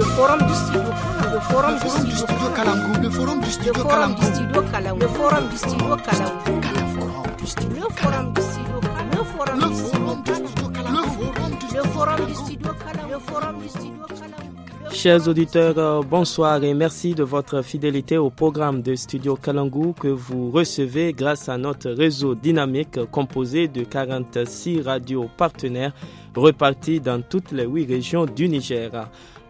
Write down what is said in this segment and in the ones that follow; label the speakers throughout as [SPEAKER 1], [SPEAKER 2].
[SPEAKER 1] le forum du studio le du studio le forum du studio Kalangou. le forum du studio Kalangou le forum du studio Kalangou le forum du studio Kalangou. le forum du studio Kalangou. le forum du studio
[SPEAKER 2] Chers auditeurs, bonsoir et merci de votre fidélité au programme de Studio Kalangou que vous recevez grâce à notre réseau dynamique composé de 46 radios partenaires repartis dans toutes les huit régions du Niger.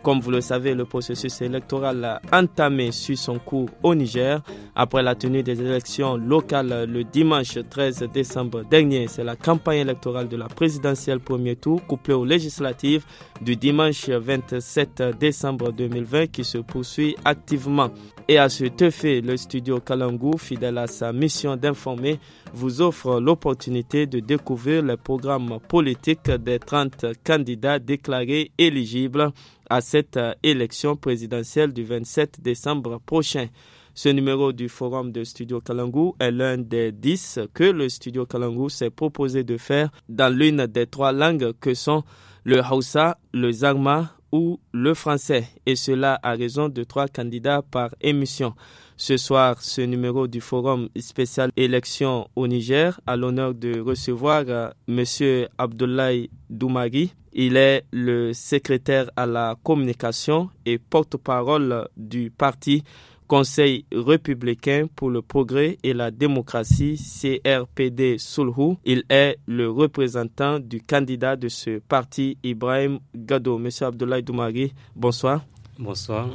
[SPEAKER 2] Comme vous le savez, le processus électoral a entamé sur son cours au Niger. Après la tenue des élections locales le dimanche 13 décembre dernier, c'est la campagne électorale de la présidentielle premier tour couplée aux législatives du dimanche 27 décembre 2020 qui se poursuit activement. Et à ce fait, le studio Kalangu, fidèle à sa mission d'informer, vous offre l'opportunité de découvrir le programme politique des 30 candidats déclarés éligibles à cette euh, élection présidentielle du 27 décembre prochain. Ce numéro du forum de Studio Kalangu est l'un des 10 que le Studio Kalangu s'est proposé de faire dans l'une des trois langues que sont le Hausa, le Zagma, ou le français, et cela à raison de trois candidats par émission. Ce soir, ce numéro du forum spécial élection au Niger a l'honneur de recevoir euh, Monsieur Abdoulaye Doumari. Il est le secrétaire à la communication et porte-parole du parti Conseil républicain pour le progrès et la démocratie, CRPD Sulhu. Il est le représentant du candidat de ce parti, Ibrahim Gado. Monsieur Abdoulaye Doumari, bonsoir. Bonsoir.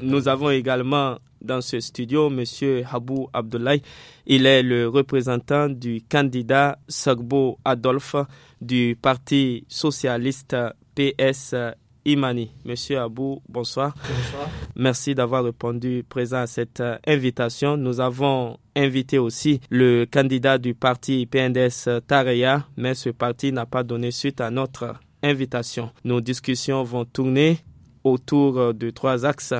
[SPEAKER 2] Nous avons également dans ce studio Monsieur Habou Abdoulaye. Il est le représentant du candidat Sagbo Adolphe du Parti socialiste PS Imani. Monsieur Abou, bonsoir. Bonsoir. Merci d'avoir répondu présent à cette euh, invitation. Nous avons invité aussi le candidat du parti PNDS Tareya, mais ce parti n'a pas donné suite à notre invitation. Nos discussions vont tourner autour euh, de trois axes.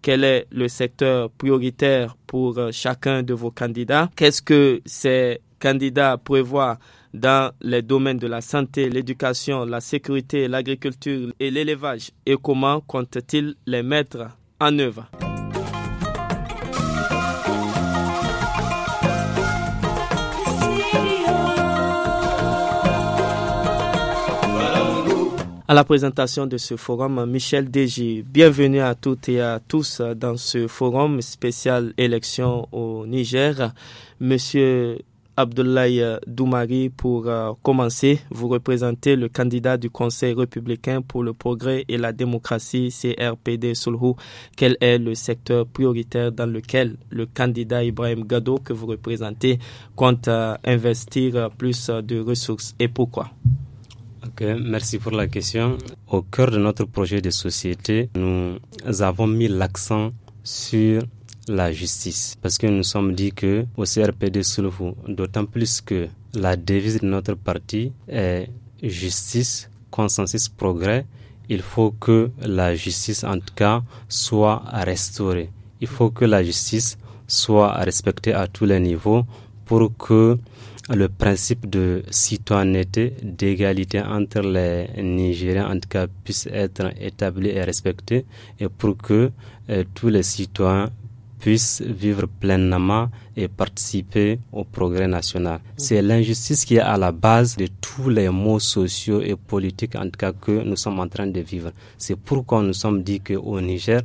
[SPEAKER 2] Quel est le secteur prioritaire pour euh, chacun de vos candidats Qu'est-ce que ces candidats prévoient dans les domaines de la santé, l'éducation, la sécurité, l'agriculture et l'élevage et comment compte-t-il les mettre en œuvre à la présentation de ce forum, Michel Dj. Bienvenue à toutes et à tous dans ce forum spécial élection au Niger. Monsieur Abdoulaye euh, Doumari, pour euh, commencer, vous représentez le candidat du Conseil républicain pour le progrès et la démocratie, CRPD Solhou. Quel est le secteur prioritaire dans lequel le candidat Ibrahim Gado, que vous représentez, compte euh, investir plus de ressources
[SPEAKER 1] et pourquoi okay, merci pour la question. Au cœur de notre projet de société, nous avons mis l'accent sur la justice. Parce que nous sommes dit que au CRPD d'autant plus que la devise de notre parti est justice, consensus, progrès, il faut que la justice, en tout cas, soit restaurée. Il faut que la justice soit respectée à tous les niveaux pour que le principe de citoyenneté, d'égalité entre les Nigériens, en tout cas, puisse être établi et respecté et pour que euh, tous les citoyens puissent vivre pleinement et participer au progrès national. C'est l'injustice qui est à la base de tous les maux sociaux et politiques, en tout cas, que nous sommes en train de vivre. C'est pourquoi nous sommes dit qu'au Niger,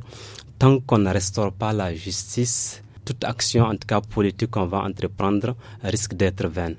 [SPEAKER 1] tant qu'on ne restaure pas la justice, toute action, en tout cas politique, qu'on va entreprendre risque d'être vaine.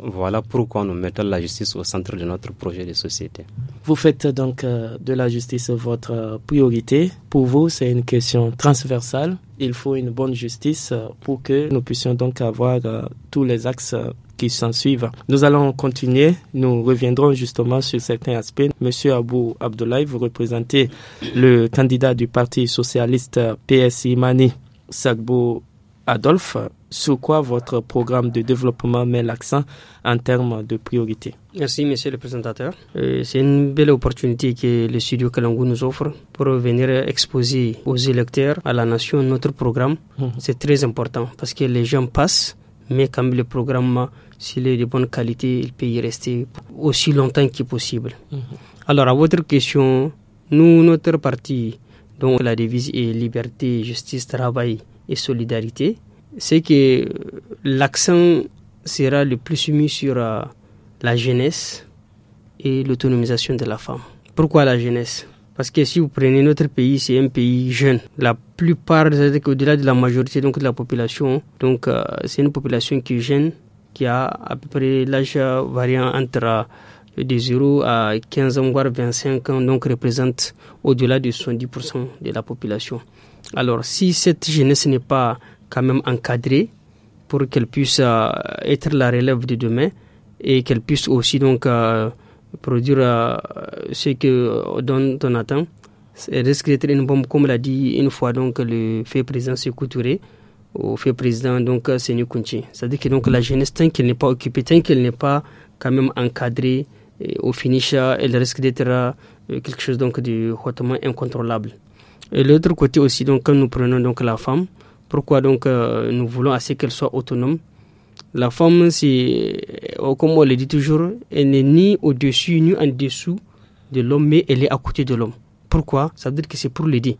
[SPEAKER 1] Voilà pourquoi nous mettons la justice au centre de notre projet de société.
[SPEAKER 2] Vous faites donc euh, de la justice votre priorité. Pour vous, c'est une question transversale il faut une bonne justice euh, pour que nous puissions donc avoir euh, tous les axes euh, qui s'en suivent. Nous allons continuer, nous reviendrons justement sur certains aspects. Monsieur Abou Abdoulaye, vous représentez le candidat du Parti socialiste PSI Mani Sagbo Adolphe, sur quoi votre programme de développement met l'accent en termes de priorité
[SPEAKER 3] Merci, monsieur le présentateur. Euh, c'est une belle opportunité que le studio Kalangu nous offre pour venir exposer aux électeurs, à la nation, notre programme. Mmh. C'est très important parce que les gens passent, mais quand le programme, s'il est de bonne qualité, il peut y rester aussi longtemps que possible. Mmh. Alors, à votre question, nous, notre parti, dont la devise est liberté, justice, travail, et solidarité, c'est que l'accent sera le plus mis sur euh, la jeunesse et l'autonomisation de la femme. Pourquoi la jeunesse Parce que si vous prenez notre pays, c'est un pays jeune. La plupart, c'est-à-dire qu'au-delà de la majorité donc, de la population, donc euh, c'est une population qui est jeune, qui a à peu près l'âge euh, variant entre de 0 à 15 ans, voire 25 ans, donc représente au-delà de 70% de la population. Alors, si cette jeunesse n'est pas quand même encadrée pour qu'elle puisse euh, être la relève de demain et qu'elle puisse aussi donc euh, produire euh, ce que attend, elle risque d'être une bombe, comme l'a dit une fois donc le fait président Sekou au fait président donc Seigneur Kunchi. C'est-à-dire que donc la jeunesse tant qu'elle n'est pas occupée, tant qu'elle n'est pas quand même encadrée, au finish elle risque d'être quelque chose donc de hautement incontrôlable. Et l'autre côté aussi, donc, quand nous prenons donc la femme, pourquoi donc euh, nous voulons assez qu'elle soit autonome La femme, c'est, euh, comme on le dit toujours, elle n'est ni au-dessus ni en dessous de l'homme, mais elle est à côté de l'homme. Pourquoi Ça veut dire que c'est pour l'aider.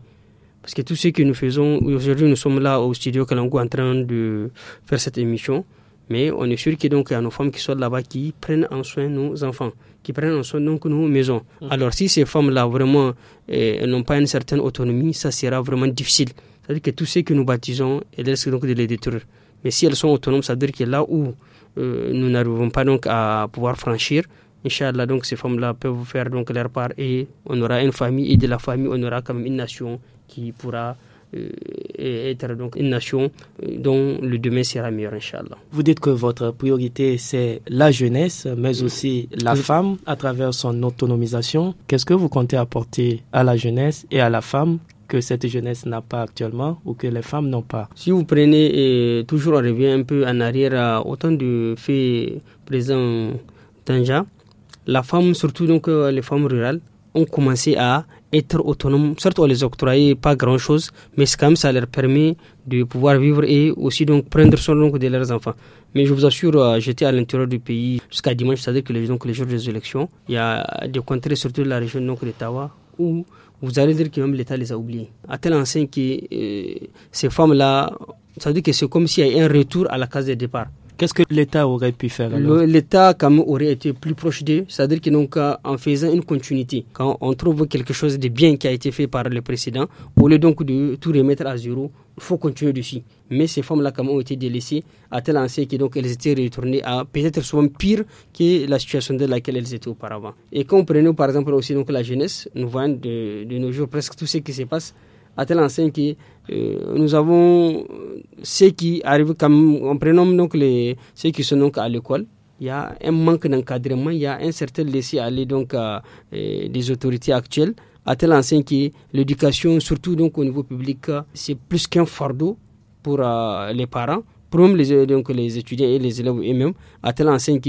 [SPEAKER 3] Parce que tout ce que nous faisons, aujourd'hui nous sommes là au studio Kalangou en train de faire cette émission, mais on est sûr qu'il y a nos femmes qui sont là-bas qui prennent en soin nos enfants qui prennent en soin donc nos maisons. Mm. Alors si ces femmes-là vraiment eh, n'ont pas une certaine autonomie, ça sera vraiment difficile. C'est-à-dire que tous ceux que nous baptisons, elles risquent donc de les détruire. Mais si elles sont autonomes, ça à dire que là où euh, nous n'arrivons pas donc à pouvoir franchir, Inch'Allah, donc ces femmes-là peuvent faire donc leur part et on aura une famille et de la famille, on aura comme une nation qui pourra euh, et être donc une nation euh, dont le demain sera meilleur, Inch'Allah.
[SPEAKER 2] Vous dites que votre priorité, c'est la jeunesse, mais mm. aussi la femme à travers son autonomisation. Qu'est-ce que vous comptez apporter à la jeunesse et à la femme que cette jeunesse n'a pas actuellement ou que les femmes n'ont pas.
[SPEAKER 3] Si vous prenez, et toujours on revient un peu en arrière, autant de faits présents Tanja, la femme, surtout donc euh, les femmes rurales, ont commencé à être autonome. Certes, on les octroyait pas grand chose, mais quand ça leur permet de pouvoir vivre et aussi donc prendre soin donc, de leurs enfants. Mais je vous assure, euh, j'étais à l'intérieur du pays jusqu'à dimanche, c'est-à-dire que les, donc, les jours des élections, il y a des contrées, surtout de la région donc, Tawa où vous allez dire que même l'État les a oubliés. À tel qui que euh, ces femmes-là, ça veut dire que c'est comme s'il y a un retour à la case de départ. Qu'est-ce que l'État aurait pu faire L'État aurait été plus proche d'eux, c'est-à-dire qu'en euh, en faisant une continuité, quand on trouve quelque chose de bien qui a été fait par le précédent, au lieu donc de tout remettre à zéro, il faut continuer dessus. Mais ces formes-là quand ont été délaissées à tel ancien qu'elles donc elles étaient retournées à peut-être souvent pire que la situation dans laquelle elles étaient auparavant. Et quand on par exemple aussi donc la jeunesse, nous voyons de nos jours presque tout ce qui se passe à tel enseigne euh, nous avons ceux qui arrivent comme on prénomme donc les ceux qui sont donc à l'école il y a un manque d'encadrement il y a un certain laisser aller euh, des autorités actuelles à tel enseigne l'éducation surtout donc au niveau public c'est plus qu'un fardeau pour euh, les parents pour les, donc les étudiants et les élèves eux-mêmes à tel enseigne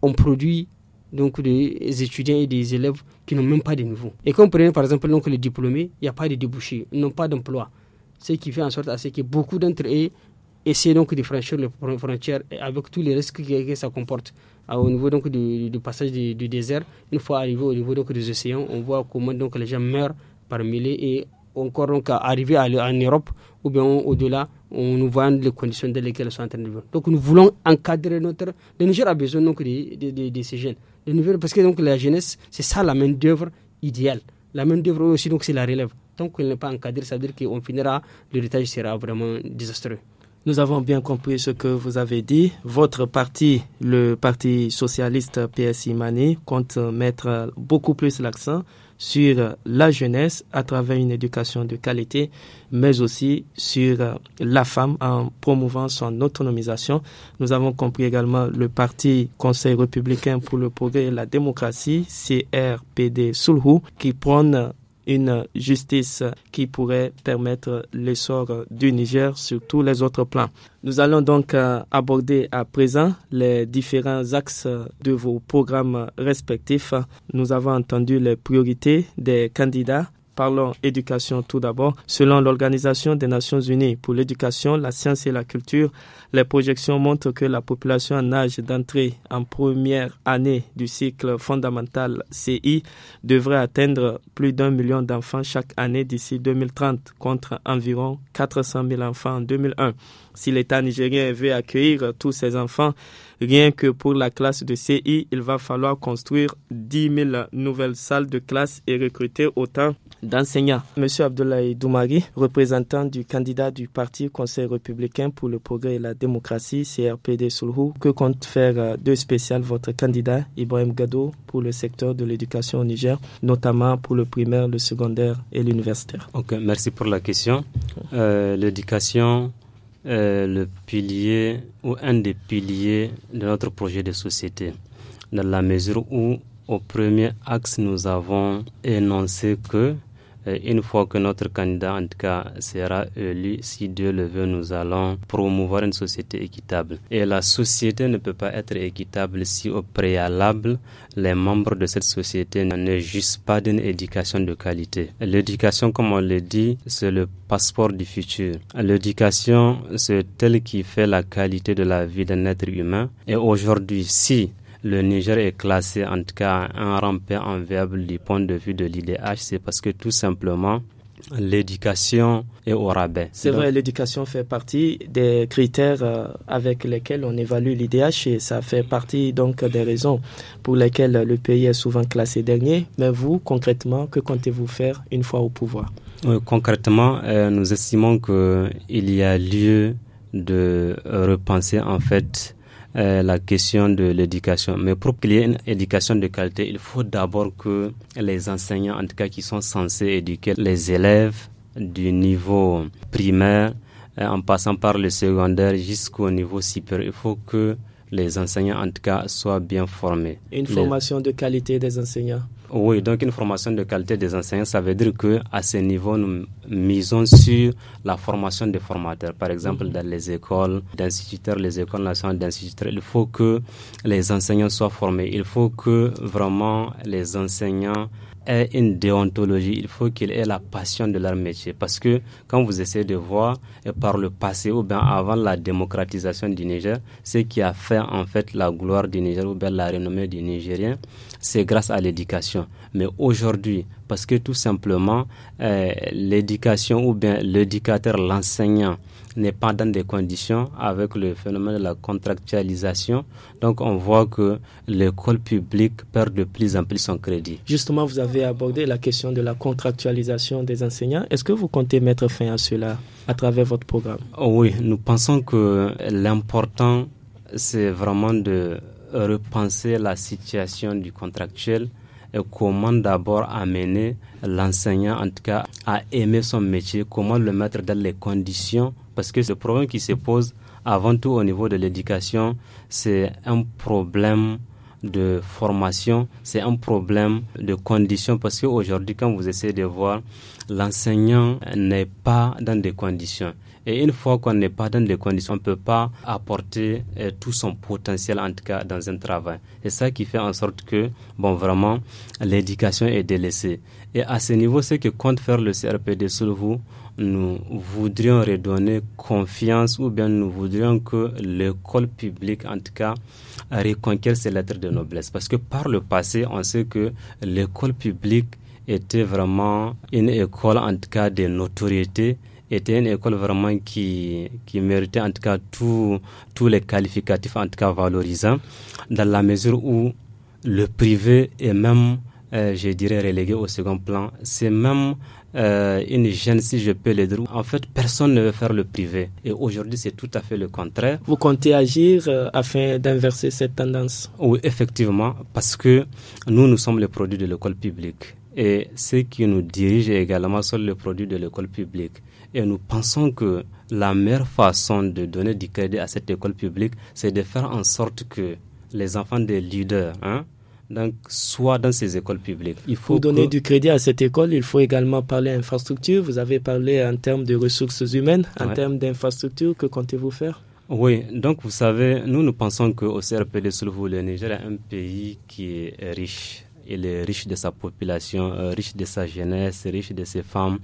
[SPEAKER 3] qu'on produit donc des étudiants et des élèves qui n'ont même pas de niveau. Et comprenez par exemple donc, les diplômés, il n'y a pas de débouchés, ils n'ont pas d'emploi. Ce qui fait en sorte que beaucoup d'entre eux essaient donc de franchir les frontières avec tous les risques que, ça comporte. Ah, au niveau donc du, passage du, désert, une fois arrivé au niveau donc, des océans, on voit comment donc les gens meurent parmi eux et encore donc arriver en Europe ou bien au-delà, on nous voit les conditions dans lesquelles ils sont en train de vivre. Donc nous voulons encadrer notre... Le Niger a besoin de ces jeunes parce que donc la jeunesse, c'est ça la main d'œuvre idéale. La main d'œuvre aussi, donc c'est la relève. Tant qu'elle n'est pas encadrée, ça veut dire qu'on finira, l'héritage sera vraiment désastreux. Nous avons
[SPEAKER 2] bien compris ce que vous avez dit. Votre parti, le Parti socialiste PSI Mané, compte mettre beaucoup plus l'accent sur la jeunesse à travers une éducation de qualité, mais aussi sur la femme en promouvant son autonomisation. Nous avons compris également le parti Conseil républicain pour le progrès et la démocratie, CRPD Sulhu, qui prône une justice qui pourrait permettre l'essor du Niger sur tous les autres plans. Nous allons donc euh, aborder à présent les différents axes de vos programmes respectifs. Nous avons entendu les priorités des candidats Parlons éducation tout d'abord. Selon l'Organisation des Nations Unies pour l'éducation, la science et la culture, les projections montrent que la population en âge d'entrée en première année du cycle fondamental CI devrait atteindre plus d'un million d'enfants chaque année d'ici 2030 contre environ 400 000 enfants en 2001. Si l'État nigérien veut accueillir tous ces enfants, rien que pour la classe de CI, il va falloir construire 10 000 nouvelles salles de classe et recruter autant d'enseignants. Monsieur Abdoulaye Doumari, représentant du candidat du Parti Conseil républicain pour le progrès et la démocratie, CRPD Sulhu, que compte faire euh, de spécial votre candidat Ibrahim Gado pour le secteur de l'éducation au Niger, notamment pour le primaire, le secondaire et
[SPEAKER 1] l'universitaire. Ok, merci pour la question. Euh, l'éducation est euh, le pilier ou un des piliers de notre projet de société, dans la mesure où au premier axe nous avons énoncé que euh, une fois que notre candidat, en tout cas, sera élu, si Dieu le veut, nous allons promouvoir une société équitable. Et la société ne peut pas être équitable si au préalable, les membres de cette société ne jouissent pas d'une éducation de qualité. L'éducation, comme on le dit, c'est le passeport du futur. L'éducation, c'est elle qui fait la qualité de la vie d'un être humain. Et aujourd'hui, si le Niger est classé en tout cas un en enviable du point de vue de l'IDH, c'est parce que tout simplement, l'éducation est au rabais. C'est vrai,
[SPEAKER 2] l'éducation fait partie des critères euh, avec lesquels on évalue l'IDH et ça fait partie donc des raisons pour lesquelles le pays est souvent classé dernier. Mais vous, concrètement, que comptez-vous faire une fois au pouvoir
[SPEAKER 1] euh, Concrètement, euh, nous estimons qu'il y a lieu de repenser en fait euh, la question de l'éducation. Mais pour qu'il y ait une éducation de qualité, il faut d'abord que les enseignants, en tout cas qui sont censés éduquer les élèves du niveau primaire, euh, en passant par le secondaire jusqu'au niveau supérieur, il faut que les enseignants, en tout cas, soient bien formés. Une formation
[SPEAKER 2] de qualité des enseignants.
[SPEAKER 1] Oui, donc une formation de qualité des enseignants, ça veut dire que à ce niveau, nous misons sur la formation des formateurs. Par exemple, mhm. dans les écoles d'instituteurs, les écoles nationales d'instituteurs, il faut que les enseignants soient formés. Il faut que vraiment les enseignants est une déontologie, il faut qu'il ait la passion de leur métier. Parce que quand vous essayez de voir euh, par le passé ou bien avant la démocratisation du Niger, ce qui a fait en fait la gloire du Niger ou bien la renommée du Nigérien, c'est grâce à l'éducation. Mais aujourd'hui, parce que tout simplement, euh, l'éducation ou bien l'éducateur, l'enseignant, n'est pas dans des conditions avec le phénomène de la contractualisation. Donc on voit que l'école publique perd de plus en plus son crédit.
[SPEAKER 2] Justement, vous avez abordé la question de la contractualisation des enseignants. Est-ce que vous comptez mettre fin à cela à travers votre programme
[SPEAKER 1] Oui, nous pensons que l'important, c'est vraiment de repenser la situation du contractuel comment d'abord amener l'enseignant, en tout cas, à aimer son métier, comment le mettre dans les conditions, parce que le problème qui se pose avant tout au niveau de l'éducation, c'est un problème de formation, c'est un problème de conditions parce qu'aujourd'hui, quand vous essayez de voir, l'enseignant n'est pas dans des conditions. Et une fois qu'on n'est pas dans les conditions, on ne peut pas apporter euh, tout son potentiel, en tout cas dans un travail. Et ça qui fait en sorte que, bon, vraiment, l'éducation est délaissée. Et à ce niveau, ce que compte faire le CRPD sur vous, nous voudrions redonner confiance ou bien nous voudrions que l'école publique, en tout cas, reconquiert ses lettres de noblesse. Parce que par le passé, on sait que l'école publique était vraiment une école, en tout cas, de notoriété était une école vraiment qui, qui méritait en tout cas tous les qualificatifs, en tout cas valorisants, dans la mesure où le privé est même, euh, je dirais, relégué au second plan. C'est même euh, une gêne, si je peux le dire. En fait, personne ne veut faire le privé. Et aujourd'hui, c'est tout à fait le contraire. Vous comptez agir euh, afin d'inverser cette tendance Oui, effectivement, parce que nous, nous sommes le produit de l'école publique. Et ceux qui nous dirigent également sont le produit de l'école publique. Et nous pensons que la meilleure façon de donner du crédit à cette école publique, c'est de faire en sorte que les enfants des leaders, hein, donc, dans ces écoles publiques. Il faut Pour donner du
[SPEAKER 2] crédit à cette école, il faut également parler infrastructure. Vous avez parlé en termes de ressources humaines, en termes d'infrastructure. Que comptez-vous faire
[SPEAKER 1] Oui, donc vous savez, nous, nous pensons qu'au CRPD, sur le Niger est un pays qui est riche il est riche de sa population, euh, riche de sa jeunesse, riche de ses femmes,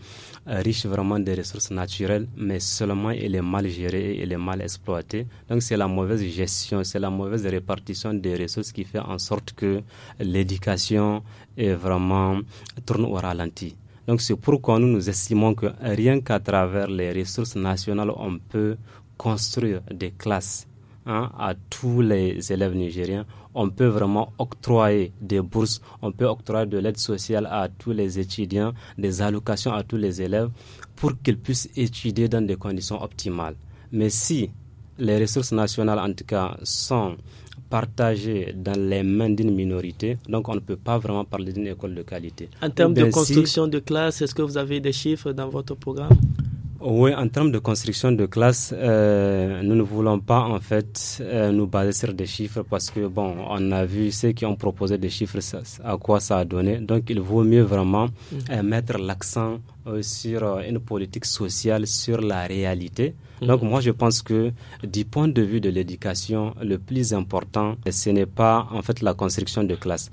[SPEAKER 1] euh, riche vraiment des ressources naturelles, mais seulement il est mal géré, il est mal exploité. Donc c'est la mauvaise gestion, c'est la mauvaise répartition des ressources qui fait en sorte que l'éducation est vraiment tourne au ralenti. Donc c'est pourquoi nous nous estimons que rien qu'à travers les ressources nationales, on peut construire des classes Hein, à tous les élèves nigériens. On peut vraiment octroyer des bourses, on peut octroyer de l'aide sociale à tous les étudiants, des allocations à tous les élèves pour qu'ils puissent étudier dans des conditions optimales. Mais si les ressources nationales, en tout cas, sont partagées dans les mains d'une minorité. Donc, on ne peut pas vraiment parler d'une école de qualité. En termes de construction
[SPEAKER 2] de classe, est-ce que vous avez des chiffres dans votre programme
[SPEAKER 1] oui, en termes de construction de classe, euh, nous ne voulons pas en fait euh, nous baser sur des chiffres parce que bon, on a vu ceux qui ont proposé des chiffres, à quoi ça a donné. Donc, il vaut mieux vraiment mm. euh, mettre l'accent sur une politique sociale, sur la réalité. Mm. Donc, moi, je pense que du point de vue de l'éducation, le plus important, ce n'est pas en fait la construction de classe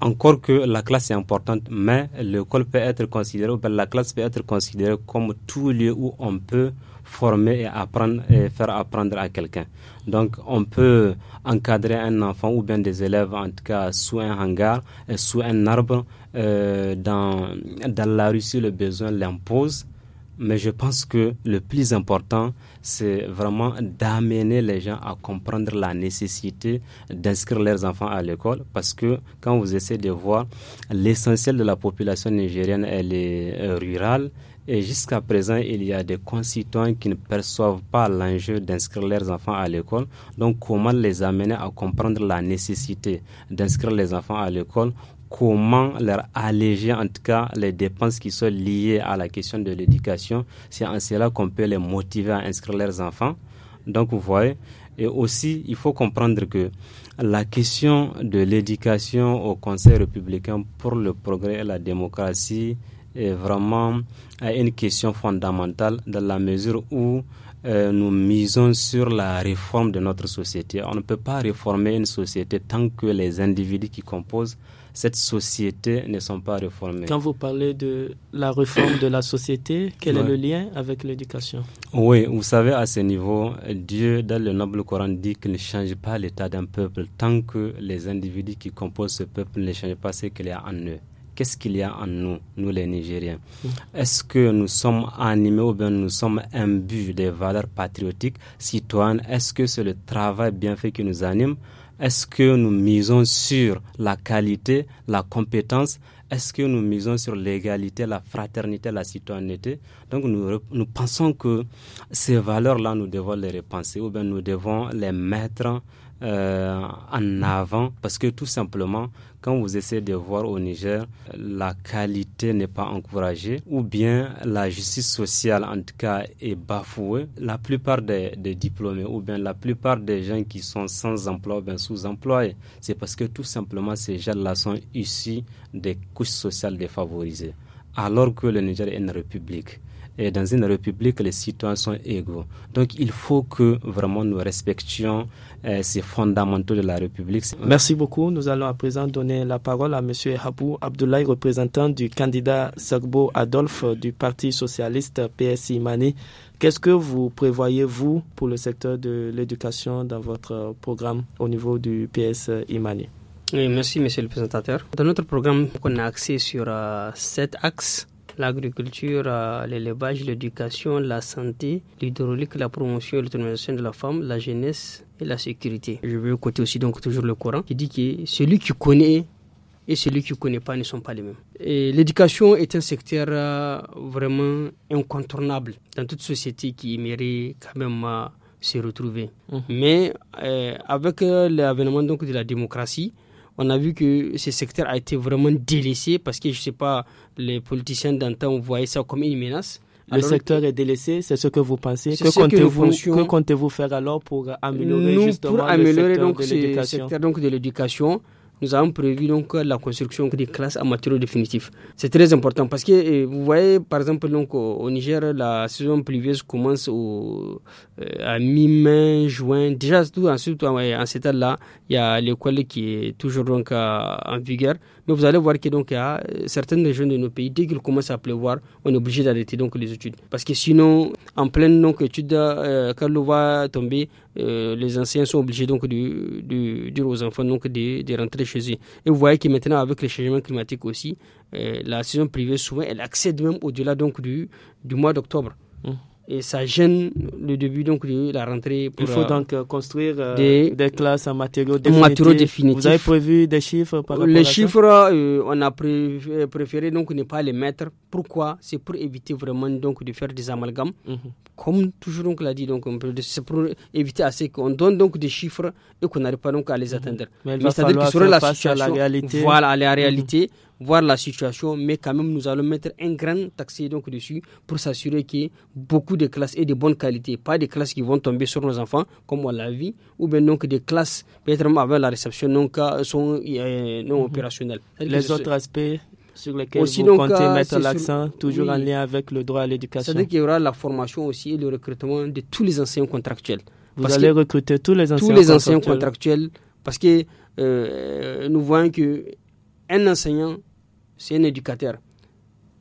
[SPEAKER 1] encore que la classe est importante, mais l'école peut être considérée, la classe peut être considérée comme tout lieu où on peut former et apprendre et faire apprendre à quelqu'un. Donc on peut encadrer un enfant ou bien des élèves en tout cas sous un hangar, sous un arbre, euh, dans, dans la rue si le besoin l'impose mais je pense que le plus important, c'est vraiment d'amener les gens à comprendre la nécessité d'inscrire leurs enfants à l'école parce que quand vous essayez de voir, l'essentiel de la population nigérienne, elle est euh, rurale. Et jusqu'à présent, il y a des concitoyens qui ne perçoivent pas l'enjeu d'inscrire leurs enfants à l'école. Donc, comment les amener à comprendre la nécessité d'inscrire les enfants à l'école comment leur alléger en tout cas les dépenses qui sont liées à la question de l'éducation. C'est en cela qu'on peut les motiver à inscrire leurs enfants. Donc vous voyez, et aussi il faut comprendre que la question de l'éducation au Conseil républicain pour le progrès et la démocratie est vraiment euh, une question fondamentale dans la mesure où euh, nous misons sur la réforme de notre société. On ne peut pas réformer une société tant que les individus qui composent cette société ne sont pas réformées. Quand
[SPEAKER 2] vous parlez de la réforme de la société, quel est le lien avec l'éducation
[SPEAKER 1] Oui, vous savez, à ce niveau, Dieu, dans le noble Coran, dit qu'il ne change pas l'état d'un peuple tant que les individus qui composent ce peuple ne changent pas ce qu'il y a en eux qu'est-ce qu'il y a en nous, nous les Nigériens hmm. Est-ce que nous sommes animés ou bien nous sommes imbus des valeurs patriotiques, citoyennes Est-ce que c'est le travail bien fait qui nous anime est-ce que nous misons sur la qualité, la compétence Est-ce que nous misons sur l'égalité, la fraternité, la citoyenneté Donc nous, pensons que ces valeurs-là, nous devons les repenser ou bien nous devons les mettre euh, en avant parce que tout simplement, quand vous essayez de voir au Niger, la qualité n'est pas encouragée ou bien la justice sociale en tout cas est bafouée. La plupart des, diplômés ou bien la plupart des gens qui sont sans emploi ou bien sous-employés, c'est parce que tout simplement ces gens-là sont issus des couches sociales défavorisées alors que le Niger est une république et dans une république, les citoyens sont égaux. Donc il faut que vraiment nous respections euh, ces fondamentaux de la République. Merci
[SPEAKER 2] beaucoup. Nous allons à présent donner la parole à M. Habou Abdoulaye, représentant du candidat Sagbo Adolphe du Parti socialiste PSI Mani. Qu'est-ce que vous prévoyez, vous, pour le secteur de
[SPEAKER 3] l'éducation
[SPEAKER 2] dans votre programme au niveau du PS Imani
[SPEAKER 3] oui, Merci, monsieur le présentateur. Dans notre programme, on a axé sur euh, sept axes l'agriculture, euh, l'élevage, l'éducation, la santé, l'hydraulique, la promotion et l'autonomisation de la femme, la jeunesse et la sécurité. Je veux côté aussi donc toujours le Coran qui dit que celui qui connaît et celui qui ne connaît pas ne sont pas les mêmes. l'éducation est un secteur euh, vraiment incontournable dans toute société qui mérite quand même à euh, se retrouver. Mmh. Mais avec l'avènement donc de la démocratie, on a vu que ce secteur a été vraiment délaissé parce que, je ne sais pas, les politiciens d'antan voyaient ça comme une menace. Le secteur est délaissé, c'est ce que vous pensez. Que comptez-vous faire alors pour améliorer justement le secteur donc de l'éducation secteur donc de l'éducation, nous avons prévu donc la construction des classes à matériaux définitifs. C'est très important parce que eh, vous voyez par exemple donc au Niger la saison pluvieuse commence au, euh, à mi-mai juin déjà tout en, en cet là il y a l'école qui est toujours donc euh, en vigueur. Mais vous allez voir que donc il y a euh, certaines régions de nos pays, dès qu'il commence à pleuvoir, on est obligé d'arrêter donc les études. Parce que sinon, en pleine donc étude, euh, quand l'eau va tomber, les anciens sont obligés donc de, de, dire aux enfants donc de, de, rentrer chez eux. Et vous voyez que maintenant avec les changements climatiques aussi, la saison privée souvent elle accède même au-delà donc du, du mois d'octobre et ça gêne le début donc de la rentrée. Il faut euh, donc euh, construire euh, des, classes en matériaux définitifs. Vous avez prévu
[SPEAKER 2] des chiffres Les chiffres,
[SPEAKER 3] on a préféré donc ne pas les mettre. Pourquoi C'est pour éviter vraiment donc de faire des amalgames. Mhm. Comme toujours donc l'a dit donc c'est pour éviter qu'on donne donc des chiffres et qu'on n'arrive pas donc à les mhm. atteindre. Mais, Mais c'est-à-dire que la à la réalité. voilà à la réalité. Mhm voir la situation, mais quand même, nous allons mettre un grand taxi donc dessus pour s'assurer qu'il y ait beaucoup de classes et de bonne qualité, pas des classes qui vont tomber sur nos enfants, comme on l'a vie ou bien donc des classes, peut-être avant la réception, donc, euh, sont euh, non mhm. opérationnelles. Les autres aspects sur lesquels vous comptez euh, mettre l'accent, toujours en lien avec le droit à l'éducation. C'est-à-dire qu'il y aura la formation aussi et le recrutement de tous les enseignants contractuels. Vous allez
[SPEAKER 2] recruter tous les anciens Tous les contractuels.
[SPEAKER 3] contractuels, parce que nous voyons que un enseignant c'est un éducateur.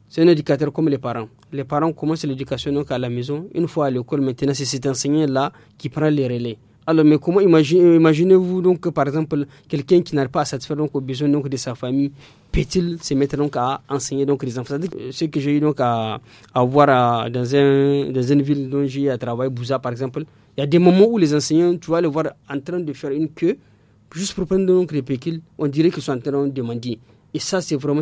[SPEAKER 3] C'est un éducateur comme les parents. Les parents commencent l'éducation donc à la maison. Une fois à l'école, maintenant, c'est cet enseignant-là qui prend les relais. Alors, mais comment imaginez-vous donc, par exemple, quelqu'un qui n'arrive pas à satisfaire donc, aux besoins donc, de sa famille, peut-il se mettre donc à enseigner donc les enfants Ce que j'ai eu donc à, voir dans, un, dans une ville dont j'ai travaillé, Bouza par exemple, il y a des moments où les enseignants, tu vas les voir en train de faire une queue, juste pour prendre donc les péquiles, on dirait qu'ils sont en train de demander. Et ça, c'est vraiment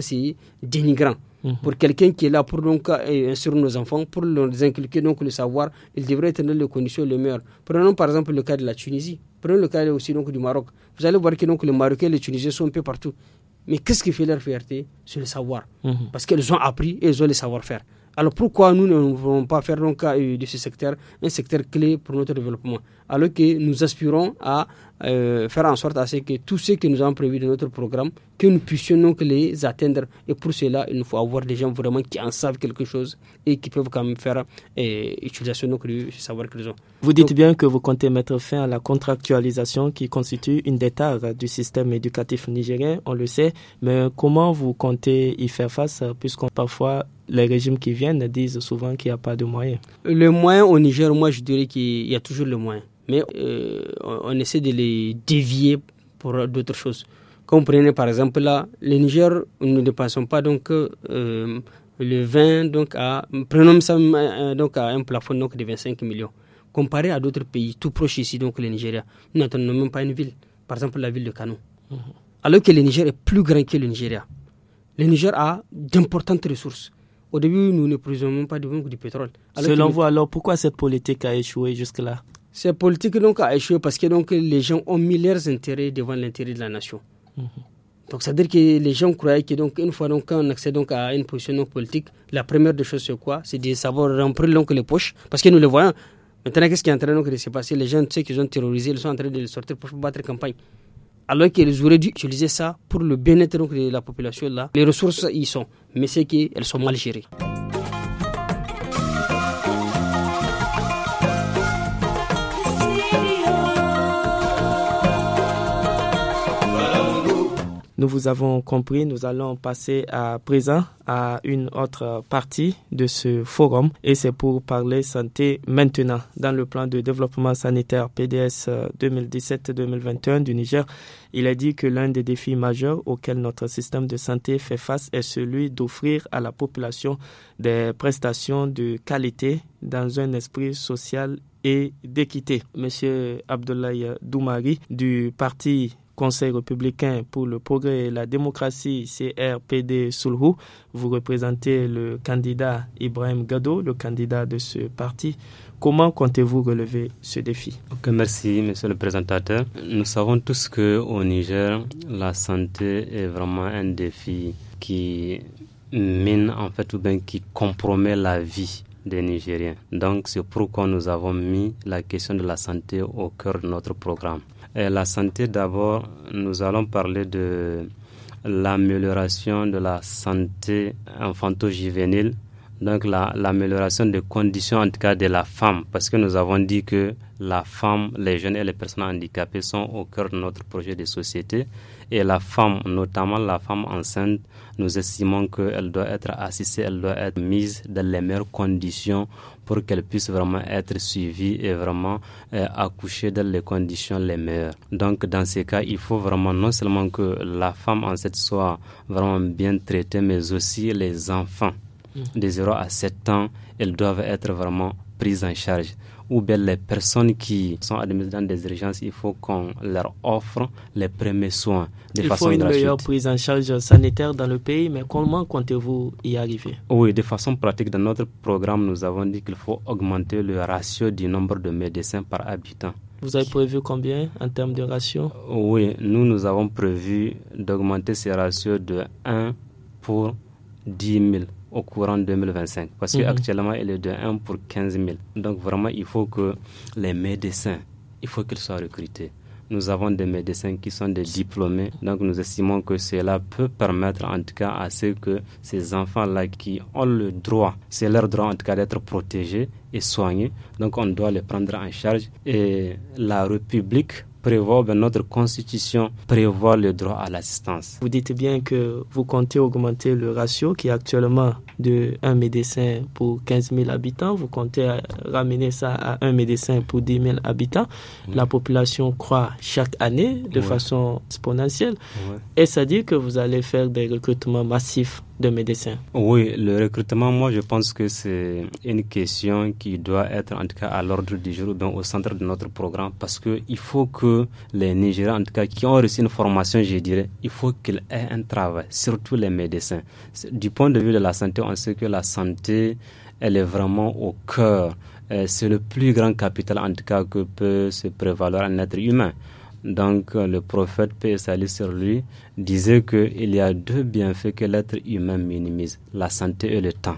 [SPEAKER 3] dénigrant. Mhm. Pour quelqu'un qui est là pour donc euh, sur nos enfants, pour les inculquer donc le savoir, il devrait être les conditions les meilleures. Prenons par exemple le cas de la Tunisie. Prenons le cas aussi donc du Maroc. Vous allez voir que donc les Marocains et les Tunisiens sont un peu partout. Mais qu'est-ce qui fait leur fierté C'est le savoir. Mhm. Parce qu'ils ont appris et ils ont le savoir-faire. Alors pourquoi nous ne voulons pas faire donc euh, de ce secteur un secteur clé pour notre développement Alors que nous aspirons à euh, faire en sorte à ce que tous ceux que nous avons prévu de notre programme, que nous puissions donc les atteindre. Et pour cela, il nous faut avoir des gens vraiment qui en savent quelque chose et qui peuvent quand même faire euh, utilisation donc du savoir qu'ils
[SPEAKER 2] Vous dites bien que vous comptez mettre fin à la contractualisation qui constitue une des du système éducatif nigérien, on le sait, mais comment vous comptez y faire face puisqu'on parfois les régimes qui viennent disent souvent qu'il n'y a pas de moyens.
[SPEAKER 3] Le moyen au Niger, moi je dirais qu'il y a toujours le moyen. Mais euh, on essaie de les dévier pour d'autres choses. Comprenez par exemple là, le Niger, nous ne dépassons pas donc euh, le 20, donc à, prenons ça euh, donc à un plafond donc de 25 millions. Comparé à d'autres pays tout proches ici, donc le Nigeria, nous n'attendons même pas une ville. Par exemple la ville de Kano. Mhm. Alors que le Niger est plus grand que le Nigeria. Le Niger a d'importantes ressources. Au début, nous ne produisons pas du, du pétrole. Alors Selon vous, alors pourquoi cette politique a échoué jusque-là Cette politique donc, a échoué parce que donc, les gens ont mis leurs intérêts devant l'intérêt de la nation. Mhm. Donc, c'est-à-dire que les gens croyaient que, donc, une fois donc, accède donc, à une position politique, la première des choses, c'est quoi C'est de savoir remplir donc, les poches. Parce que nous le voyons. Maintenant, qu'est-ce qui est en train donc, de se passer Les gens, tu sais qu'ils ont terrorisé, ils sont en train de sortir pour battre campagne alors qu'ils auraient dû utiliser ça pour le bien-être de la population là. Les ressources y sont, mais c'est qu'elles sont mal gérées.
[SPEAKER 2] vous avons compris, nous allons passer à présent à une autre partie de ce forum et c'est pour parler santé maintenant. Dans le plan de développement sanitaire PDS 2017-2021 euh, du Niger, il est dit que l'un des défis majeurs auxquels notre système de santé fait face est celui d'offrir à la population des prestations de qualité dans un esprit social et d'équité. Monsieur Abdoulaye Doumari du parti Conseil républicain pour le progrès et la démocratie, CRPD Soulhou. Vous représentez le candidat Ibrahim Gado, le candidat de ce parti. Comment comptez-vous relever ce défi
[SPEAKER 1] Merci, monsieur le présentateur. Nous savons tous qu'au Niger, la santé est vraiment un défi qui mine en fait ou bien qui compromet la vie des Nigériens. Donc c'est pourquoi nous avons mis la question de la santé au cœur de notre programme. Euh, la santé d'abord, nous allons parler de l'amélioration de la santé infanto-juvénile, donc l'amélioration des conditions en tout cas de la femme, parce que nous avons dit que la femme, les jeunes et les personnes handicapées sont au cœur de notre projet de société. Et la femme, notamment la femme enceinte, nous estimons qu'elle doit être assistée, elle doit être mise dans les meilleures conditions pour qu'elle puisse vraiment être suivie et vraiment euh, accoucher dans les conditions les meilleures. Donc dans ces cas, il faut vraiment non seulement que la femme enceinte soit vraiment bien traitée, mais aussi les enfants mmh. de 0 à 7 ans, ils doivent être vraiment prises en charge ou bien les personnes qui sont admises dans des urgences, il faut qu'on leur offre les premiers soins il Il faut une meilleure
[SPEAKER 2] prise en charge sanitaire dans le pays, mais comment comptez-vous y arriver
[SPEAKER 1] Oui, de façon pratique, dans notre programme, nous avons dit qu'il faut augmenter le ratio du nombre de médecins par habitant.
[SPEAKER 2] Vous avez prévu combien en termes de ratio
[SPEAKER 1] Oui, nous, nous avons prévu d'augmenter ces ratios de 1 pour 10 000 au courant 2025. Parce que qu'actuellement, mhm. elle est de 1 pour 15 000. Donc vraiment, il faut que les médecins, il faut qu'ils soient recrutés. Nous avons des médecins qui sont des diplômés, donc nous estimons que cela peut permettre en tout cas à ce que ces enfants-là qui ont le droit, c'est leur droit en tout cas d'être protégés et soignés, donc on doit les prendre en charge. Et la République prévoit, notre constitution prévoit le droit à l'assistance. Vous dites bien
[SPEAKER 2] que vous comptez augmenter le ratio qui est actuellement de 1 médecin pour 15 000 habitants. Vous comptez ramener ça à un médecin pour 10 000 habitants. La population croît chaque année de façon exponentielle. Est-ce à dire que vous allez faire des recrutements massifs de médecins.
[SPEAKER 1] Oui, le recrutement, moi, je pense que c'est une question qui doit être, en tout cas, à l'ordre du jour, bien, au centre de notre programme, parce qu'il faut que les Nigériens, en tout cas, qui ont reçu une formation, je dirais, il faut qu'ils aient un travail, surtout les médecins. Du point de vue de la santé, on sait que la santé, elle est vraiment au cœur. Euh, c'est le plus grand capital, en tout cas, que peut se prévaloir un être humain. Donc, euh, le prophète, paix et sur lui, disait qu'il y a deux bienfaits que l'être humain minimise, la santé et le temps.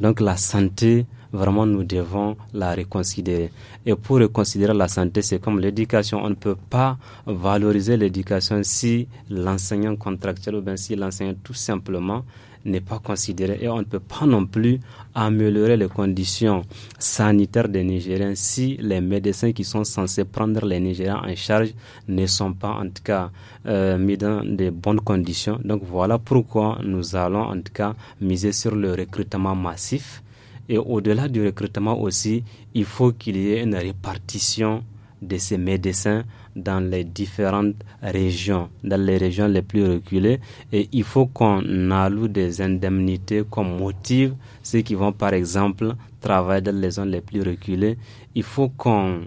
[SPEAKER 1] Donc, la santé, vraiment nous devons la reconsidérer. Et pour reconsidérer la santé, c'est comme l'éducation. On ne peut pas valoriser l'éducation si l'enseignant contractuel ou bien si l'enseignant tout simplement n'est pas considéré et on ne peut pas non plus améliorer les conditions sanitaires des Nigériens si les médecins qui sont censés prendre les Nigériens en charge ne sont pas en tout cas euh, mis dans de bonnes conditions. Donc voilà pourquoi nous allons en tout cas miser sur le recrutement massif et au-delà du recrutement aussi, il faut qu'il y ait une répartition de ces médecins dans les différentes régions, dans les régions les plus reculées. Et il faut qu'on alloue des indemnités, qu'on motive ceux qui vont, par exemple, travailler dans les zones les plus reculées. Il faut qu'on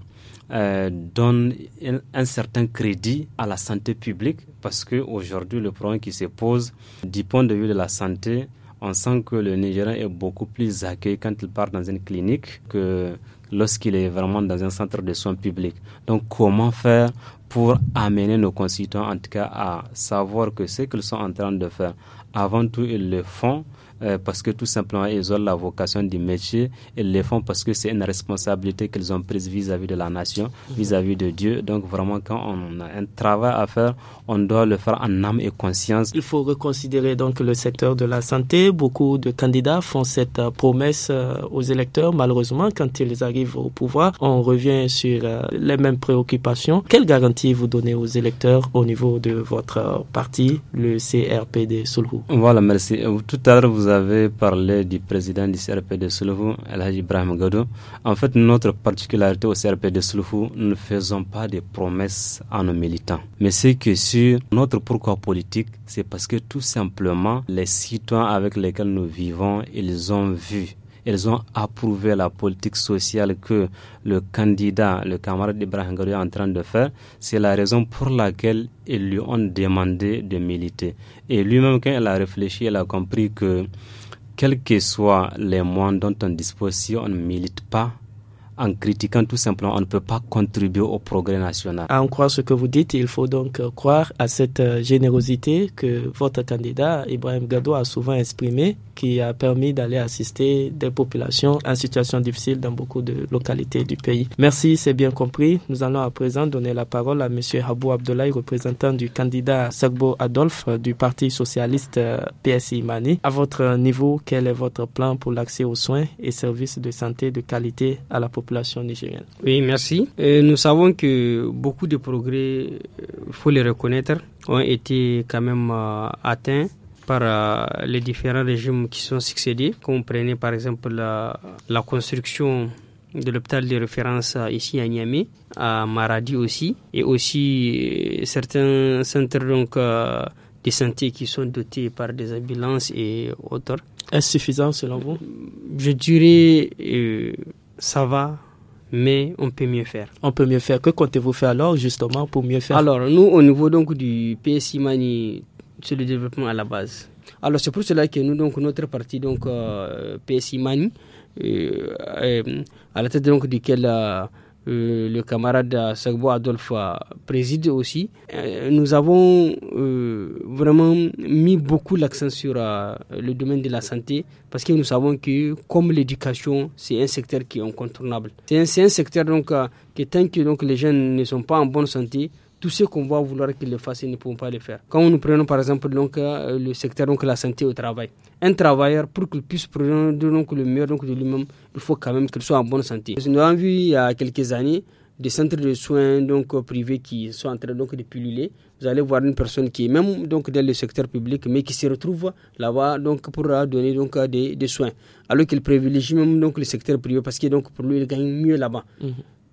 [SPEAKER 1] euh, donne un, un, certain crédit à la santé publique parce qu'aujourd'hui, le problème qui se pose du point de vue de la santé, on sent que le Nigérien est beaucoup plus accueilli quand il part dans une clinique que lorsqu'il est vraiment dans un centre de soins publics. Donc comment faire pour amener nos concitoyens en tout cas à savoir que ce qu'ils sont en train de faire, avant tout ils le font euh, parce que tout simplement, ils ont la vocation du métier. Ils le font parce que c'est une responsabilité qu'ils ont prise vis-à-vis de la nation, mhm. vis-à-vis de Dieu. Donc vraiment, quand on a un travail à faire, on doit le faire en âme et conscience. Il faut reconsidérer donc le secteur de la santé. Beaucoup de candidats font cette euh, promesse euh,
[SPEAKER 2] aux électeurs. Malheureusement, quand ils arrivent au pouvoir, on revient sur les mêmes préoccupations. Quelle garantie vous donnez aux électeurs au niveau de votre parti, le CRPD
[SPEAKER 1] Soulhou Voilà, merci. Tout à l'heure, vous avez parlé du président du CRP de Souloufou, haji Ibrahim Gado. En fait, notre particularité au CRP de Souloufou, nous ne faisons pas de promesses à nos militants. Mais c'est que sur notre pourquoi politique, c'est parce que tout simplement, les citoyens avec lesquels nous vivons, ils ont vu elles ont approuvé la politique sociale que le candidat, le camarade Ibrahim Garou est en train de faire. C'est la raison pour laquelle ils lui ont demandé de militer. Et lui-même, quand il a réfléchi, il a compris que quels que soient les moyens dont on dispose, si on ne milite pas, en critiquant tout simplement, on ne peut pas contribuer au progrès national.
[SPEAKER 2] En croire ce que vous dites, il faut donc croire à cette euh, générosité que votre candidat, Ibrahim Gado, a souvent exprimée qui a permis d'aller assister des populations en situation difficile dans beaucoup de localités du pays. Merci, c'est bien compris. Nous allons à présent donner la parole à M. Habou Abdoulaye, représentant du candidat Sagbo Adolphe euh, du Parti socialiste euh, PSI Mani. À votre niveau, quel est votre plan pour l'accès aux soins et services de santé de qualité à la population nigérienne
[SPEAKER 3] Oui, merci. Euh, nous savons que beaucoup de progrès, il faut les reconnaître, ont été quand même atteints par euh, les différents régimes qui sont succédés. comprenez par exemple la, la construction de l'hôpital de référence euh, ici à Niamey, à Maradi aussi, et aussi euh, certains centres donc, de santé qui sont dotés par des ambulances et autres.
[SPEAKER 2] Est-ce suffisant selon vous
[SPEAKER 3] Je dirais ça va, mais on peut mieux faire.
[SPEAKER 2] On peut mieux faire. Que comptez-vous faire
[SPEAKER 3] alors justement pour mieux faire Alors nous au niveau donc du PSI Mani, sur le développement à la base. Alors c'est pour cela que nous, donc, notre parti, donc, euh, PSI Mani, euh, euh, à la tête donc duquel euh, le camarade Sagbo Adolphe préside aussi, nous avons vraiment mis beaucoup l'accent sur le domaine de la santé parce que nous savons que, comme l'éducation, c'est un secteur qui est incontournable. C'est un, secteur donc, que tant que donc, les jeunes ne sont pas en bonne santé, tout ce qu'on va vouloir qu'ils le fassent, ils ne pourront pas le faire. Quand nous prenons par exemple euh, le secteur de la santé au travail, un travailleur, pour qu'il puisse prendre donc, le meilleur donc, de lui-même, il faut quand même qu'il soit en bonne santé. Nous avons vu il y a quelques années des centres de soins donc, euh, privés qui sont en train donc, de pulluler. Vous allez voir une personne qui est même donc, dans le secteur public, mais qui se retrouve là-bas pour euh, donner donc, des, soins, alors qu'il privilégie même donc, le secteur privé parce que donc, pour lui, il gagne mieux là-bas. Mhm.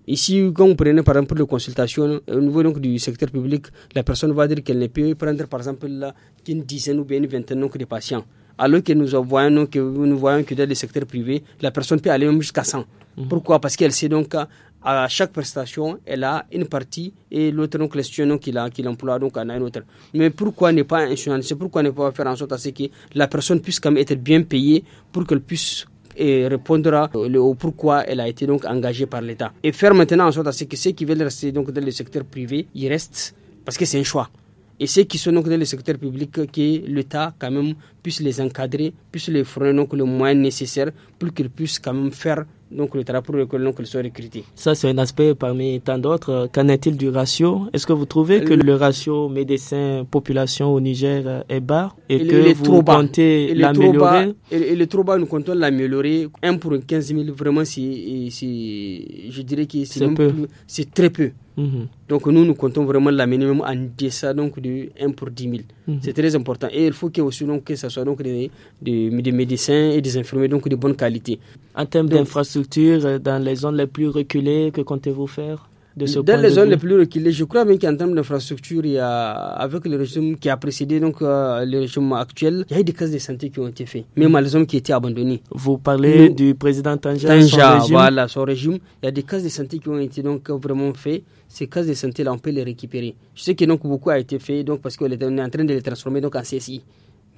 [SPEAKER 3] Ici, quand vous prenez par exemple les consultation euh, au niveau donc, du secteur public, la personne va dire qu'elle ne peut prendre par exemple là, qu'une dizaine ou bien une vingtaine de patients. Alors que nous voyons, donc, que nous voyons que dans le secteur privé, la personne peut aller même jusqu'à 100. Mhm. Pourquoi Parce qu'elle sait donc à chaque prestation, elle a une partie et l'autre donc question qu'il a qu'il emploie donc en a une autre. Mais pourquoi ne pas C'est Pourquoi ne pas faire en sorte à ce que la personne puisse quand même être bien payée pour qu'elle puisse et répondra au pourquoi elle a été donc engagée par l'État. Et faire maintenant en sorte à ce que ceux qui veulent rester donc dans le secteur privé, ils restent parce que c'est un choix. Et ceux qui sont donc dans le secteur public, que l'État quand même puisse les encadrer, puisse les fournir donc le moyen nécessaire pour qu'ils puissent quand même faire donc le pour que qu'ils soit recruté.
[SPEAKER 2] Ça, c'est un aspect parmi tant d'autres. Qu'en est-il du ratio Est-ce que vous trouvez que euh, le, ratio médecin-population au Niger est bas
[SPEAKER 4] et que il est vous trop bas. comptez l'améliorer
[SPEAKER 3] il, trop bas, nous comptons l'améliorer. Un pour 15 000, vraiment, si, c'est je dirais que c'est très peu. Mm-hmm. Donc nous, nous comptons vraiment la minimum en deçà donc 1 pour 10 000. Mm-hmm. C'est très important. Et il faut que aussi que ce soit donc des, des, médecins et des infirmiers donc de bonne qualité. En termes d'infrastructures, euh, dans les zones les plus reculées, que comptez-vous faire dans les zones les plus reculées, je crois même qu'en termes d'infrastructure, avec le régime qui a précédé donc euh, le régime actuel, il y a eu des cases de santé qui ont été faites, même à les hommes qui étaient abandonnés. Vous parlez du président Tanja, son voilà, son régime. Il y a des cases de santé qui ont été vraiment faites ces cases de santé-là, on peut les récupérer. Je sais que donc beaucoup a été fait donc, parce qu'on est en train de les transformer donc, en CSI.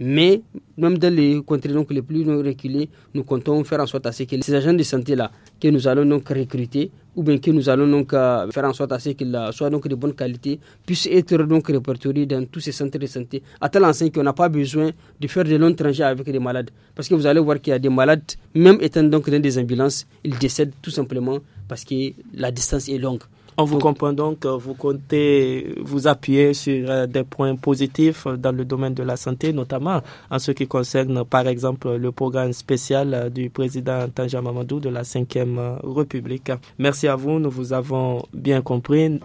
[SPEAKER 3] Mais même dans les contrées donc les plus reculées, nous comptons faire en sorte à ce que ces agents de santé-là, que nous allons donc recruter, ou bien que nous allons donc euh, faire en sorte à ce qu'ils euh, soient donc de bonne qualité, puissent être donc répertoriés dans tous ces centres de santé, à tel enseigne qu'on n'a pas besoin de faire de longs trajets avec des malades. Parce que vous allez voir qu'il y a des malades, même étant donc dans des ambulances, ils décèdent tout simplement parce que la distance est longue. On vous comprend donc, euh,
[SPEAKER 2] vous comptez vous appuyer sur euh, des points positifs euh, dans le domaine de la santé, notamment en ce qui concerne, par exemple, le programme spécial du président Tanja Mamadou de la cinquième République. Merci à vous, nous vous avons bien compris.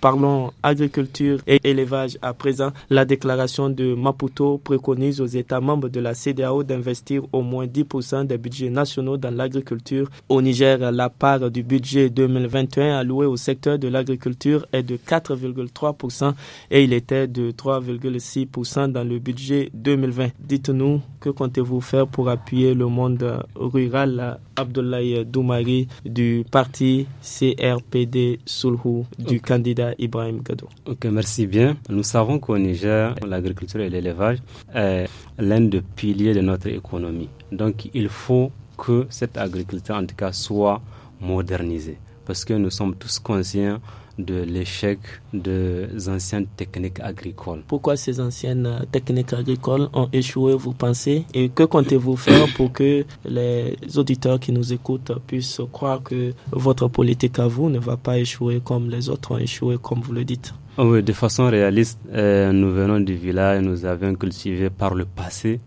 [SPEAKER 2] Parlons agriculture et élevage à présent. La déclaration de Maputo préconise aux États membres de la CDAO d'investir au moins 10% des budgets nationaux dans l'agriculture. Au Niger, la part du budget 2021 allouée au secteur de l'agriculture est de 4,3% et il était de 3,6% dans le budget 2020. Dites-nous, que comptez-vous faire pour appuyer le monde rural Abdoulaye Doumari du parti CRPD Soulhou du candidat
[SPEAKER 1] Ibrahim Gado. Ok, merci bien. Nous savons qu'au Niger, l'agriculture et l'élevage est l'un des piliers de notre économie. Donc il faut que cette agriculture, en tout cas, soit modernisée parce que nous sommes tous conscients de l'échec des anciennes techniques agricoles. Pourquoi ces anciennes euh, techniques agricoles
[SPEAKER 2] ont échoué, vous pensez Et que comptez-vous faire pour que les auditeurs qui nous écoutent puissent croire que votre politique à vous ne va pas échouer comme les autres ont échoué, comme vous le dites
[SPEAKER 1] oui, de façon réaliste, euh, nous venons du village, nous avons cultivé par le passé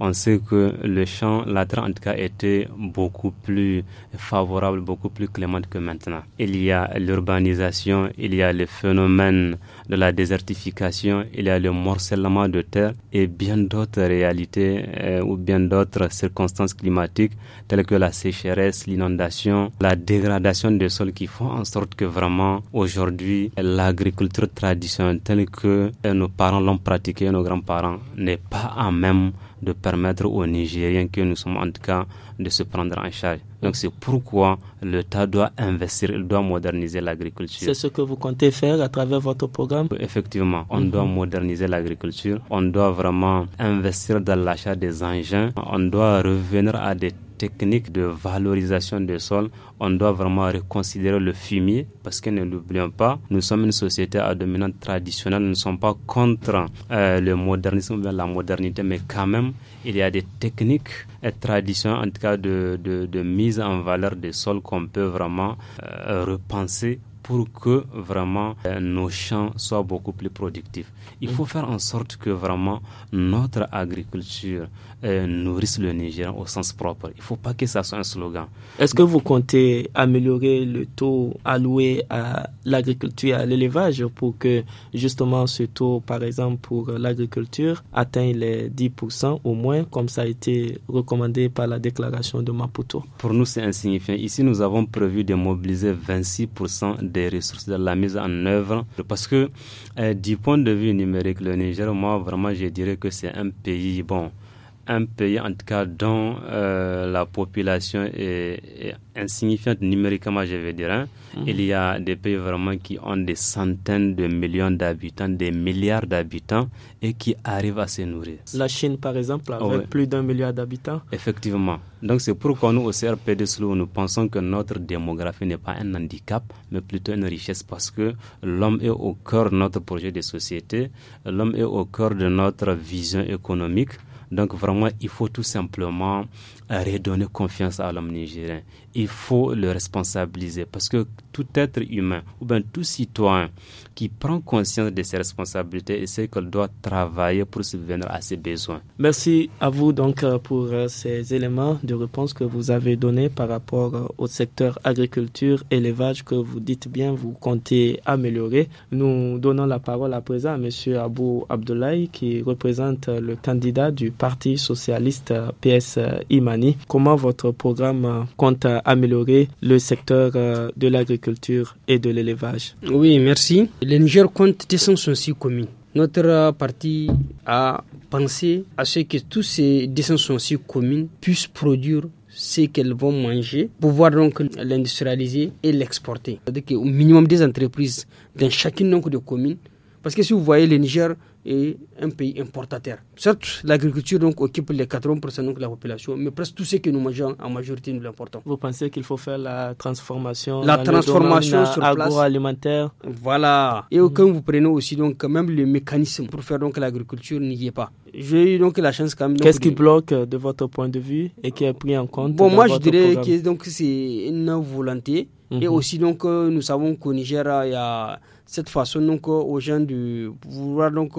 [SPEAKER 1] on sait que le champ, la terre en tout cas était beaucoup plus favorable, beaucoup plus clémente que maintenant. Il y a l'urbanisation, il y a le phénomène de la désertification, il y a le morcellement de terre et bien d'autres réalités euh, ou bien d'autres circonstances climatiques telles que la sécheresse, l'inondation, la dégradation des sols qui font en sorte que vraiment aujourd'hui l'agriculture traditionnelle telle que nos parents l'ont pratiquée, nos grands-parents, n'est pas à même de permettre aux Nigériens que nous sommes en tout cas de se prendre en charge. Donc c'est pourquoi l'État doit investir, il doit moderniser l'agriculture. C'est ce
[SPEAKER 2] que vous comptez faire
[SPEAKER 1] à travers votre programme Effectivement, on mhm. doit moderniser l'agriculture, on doit vraiment investir dans l'achat des engins, on doit revenir à des techniques de valorisation des sols, on doit vraiment reconsidérer le fumier parce que ne l'oublions pas, nous sommes une société à dominante traditionnelle, nous ne sommes pas contre euh, le modernisme, la modernité, mais quand même, il y a des techniques tradition en tout cas de, de, mise en valeur des sols qu'on peut vraiment euh, repenser pour que vraiment euh, nos champs soient beaucoup plus productifs. Il faut faire en sorte que vraiment notre agriculture euh, nourrisse le Niger au sens propre. Il ne faut pas que ça soit un slogan.
[SPEAKER 2] Est-ce que vous comptez améliorer le taux alloué à l'agriculture et à l'élevage pour que justement ce taux, par exemple pour l'agriculture, atteigne les 10% au moins, comme ça a été recommandé par la déclaration de Maputo
[SPEAKER 1] Pour nous, c'est insignifiant. Ici, nous avons prévu de mobiliser 26% des ressources, de la mise en œuvre. Parce que euh, du point de vue numérique, le Niger, moi, vraiment, je dirais que c'est un pays, bon, un pays, en tout cas, dont euh, la population est, insignifiante numériquement, je vais dire. Hein. Mhm. Il y a des pays vraiment qui ont des centaines de millions d'habitants, des milliards d'habitants et qui arrivent à se nourrir. La
[SPEAKER 2] Chine, par exemple, avec oh, plus d'un milliard d'habitants.
[SPEAKER 1] Effectivement. Donc, c'est pourquoi nous, au CRPD nous pensons que notre démographie n'est pas un handicap, mais plutôt une richesse parce que l'homme est au cœur de notre projet de société, l'homme est au cœur de notre vision économique donc vraiment, il faut tout simplement euh, redonner confiance à l'homme nigérien il faut le responsabiliser parce que tout être humain ou bien tout citoyen qui prend conscience de ses responsabilités et sait qu'elle doit travailler pour subvenir à ses besoins.
[SPEAKER 2] Merci à vous donc euh, pour euh, ces éléments de réponse que vous avez donnés par rapport euh, au secteur agriculture, élevage que vous dites bien vous comptez améliorer. Nous donnons la parole à présent à monsieur Abou Abdoulaye qui représente le candidat du Parti socialiste PS Imani. Comment votre programme compte améliorer le secteur euh, de l'agriculture et de l'élevage.
[SPEAKER 3] Oui, merci. Le Niger compte 206 communes. Notre euh, parti a pensé à ce que tous ces 206 communes puissent produire ce qu'elles vont manger, pouvoir donc l'industrialiser et l'exporter. C'est-à-dire qu'au minimum des entreprises dans chacune des de communes. Parce que si vous voyez le Niger, et un pays importateur. Certes, l'agriculture donc occupe les 80% donc, de la population, mais presque tout ce que nous mangeons en majorité nous l'importons. Vous pensez qu'il faut faire la transformation La transformation sur agroalimentaire.
[SPEAKER 2] Voilà.
[SPEAKER 3] Et mm. aucun vous prenez aussi donc quand même le mécanisme pour faire donc l'agriculture n'y est pas. J'ai eu donc la chance quand même. Qu'est-ce qui
[SPEAKER 2] bloque euh, de votre point de vue et qui est pris en compte Bon, moi je dirais que
[SPEAKER 3] donc c'est une volonté et mhm. aussi donc euh, nous savons qu'au Niger il y a cette façon donc aux gens de vouloir donc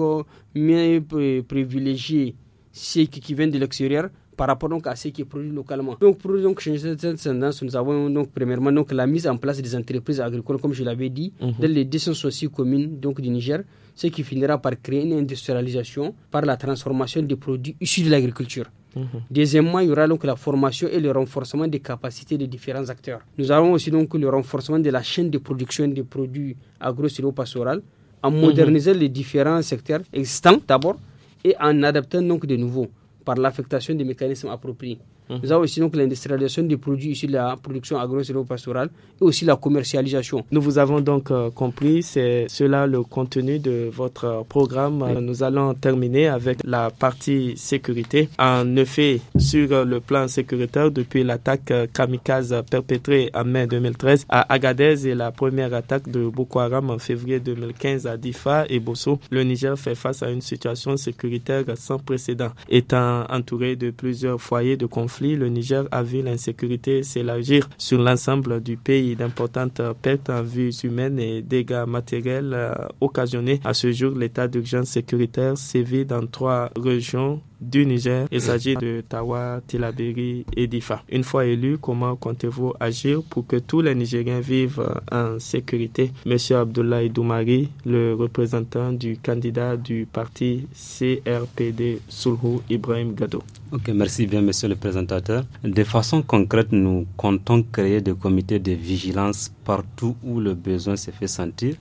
[SPEAKER 3] mieux privilégier ceux qui, viennent de l'extérieur par rapport donc à ce qui est produit localement. Donc pour changer cette tendance, nous avons donc premièrement donc la mise en place des entreprises agricoles, comme je l'avais dit, mhm. dans les 266 communes donc du Niger, ce qui finira par créer une industrialisation par la transformation des produits issus de l'agriculture. Mhm. Deuxièmement, il y aura donc la formation et le renforcement des capacités des différents acteurs. Nous avons aussi donc le renforcement de la chaîne de production des produits agro pastorales, en mhm. modernisant les différents secteurs existants d'abord et en adaptant donc de nouveaux par l'affectation des mécanismes appropriés. Mhm. Nous avons aussi donc l'industrialisation des produits issus de la production agro-pastorale et aussi la commercialisation.
[SPEAKER 2] Nous vous avons donc euh, compris, c'est cela le contenu de votre euh, programme. Nous allons terminer avec la partie sécurité. En effet, sur euh, le plan sécuritaire, depuis l'attaque kamikaze perpétrée en mai 2013 à Agadez et la première attaque de Boko Haram en février 2015 à Difa et Bosso, le Niger fait face à une situation sécuritaire sans précédent, étant entouré de plusieurs foyers de conflit le Niger a vu l'insécurité s'élargir sur l'ensemble du pays. D'importantes pertes en vues humaines et dégâts matériels euh, occasionnés. À ce jour, l'état d'urgence sécuritaire sévit dans trois régions du Niger. Il s'agit de Tawa, Tilaberi et Difa. Une fois élu, comment comptez-vous agir pour que tous les Nigériens vivent en sécurité Monsieur Abdoulaye Doumari, le représentant du candidat du parti CRPD
[SPEAKER 1] Sulhu Ibrahim Gado. Ok, merci bien, monsieur le présentateur. De façon concrète, nous comptons créer des comités de vigilance partout où le besoin se fait sentir